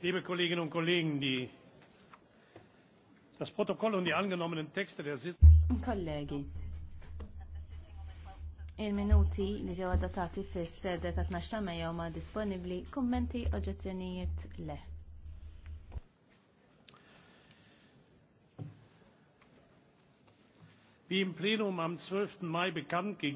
Liebe Kolleginnen und Kollegen, die, das Protokoll und die angenommenen Texte der Sitzung. Kollegi, il-minuti li ġew adattati fis-sede ta' 12 ta' Mejja huma disponibbli kummenti oġġezzjonijiet le. Wie im Plenum am 12. Mai bekannt gegeben,